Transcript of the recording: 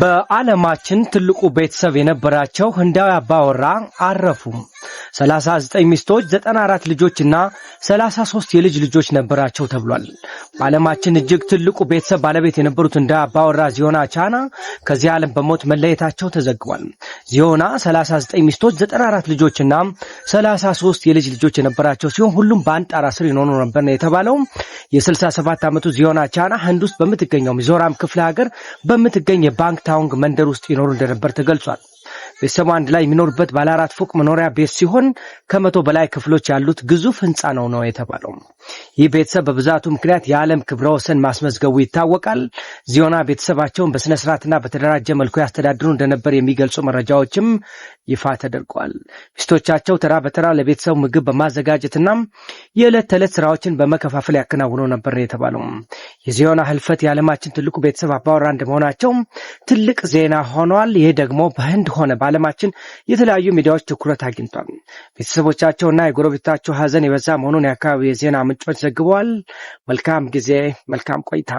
በዓለማችን ትልቁ ቤተሰብ የነበራቸው ህንዳዊ አባወራ አረፉ። 39 ሚስቶች፣ 94 ልጆችና 33 የልጅ ልጆች ነበራቸው ተብሏል። በዓለማችን እጅግ ትልቁ ቤተሰብ ባለቤት የነበሩት እንደ አባወራ ዚዮና ቻና ከዚህ ዓለም በሞት መለየታቸው ተዘግቧል። ዚዮና 39 ሚስቶች፣ 94 ልጆችና 33 የልጅ ልጆች የነበራቸው ሲሆን ሁሉም በአንድ ጣራ ስር ይኖሩ ነበር ነው የተባለው። የ67 ዓመቱ ዚዮና ቻና ህንድ ውስጥ በምትገኘው ሚዞራም ክፍለ ሀገር በምትገኝ የባንክ ታውንግ መንደር ውስጥ ይኖሩ እንደነበር ተገልጿል። ቤተሰቡ አንድ ላይ የሚኖርበት ባለ አራት ፎቅ መኖሪያ ቤት ሲሆን ከመቶ በላይ ክፍሎች ያሉት ግዙፍ ህንፃ ነው ነው የተባለው። ይህ ቤተሰብ በብዛቱ ምክንያት የዓለም ክብረ ወሰን ማስመዝገቡ ይታወቃል። ዚዮና ቤተሰባቸውን በስነስርዓትና በተደራጀ መልኩ ያስተዳድሩ እንደነበር የሚገልጹ መረጃዎችም ይፋ ተደርጓል። ሚስቶቻቸው ተራ በተራ ለቤተሰቡ ምግብ በማዘጋጀትና የዕለት ተዕለት ስራዎችን በመከፋፈል ያከናውነው ነበር ነው የተባለው። የዚዮና ህልፈት የዓለማችን ትልቁ ቤተሰብ አባወራ እንደመሆናቸውም ትልቅ ዜና ሆኗል። ይህ ደግሞ በህንድ ሆነ በዓለማችን የተለያዩ ሚዲያዎች ትኩረት አግኝቷል። ቤተሰቦቻቸውና የጎረቤታቸው ሀዘን የበዛ መሆኑን የአካባቢ የዜና ምንጮች ዘግበዋል። መልካም ጊዜ፣ መልካም ቆይታ።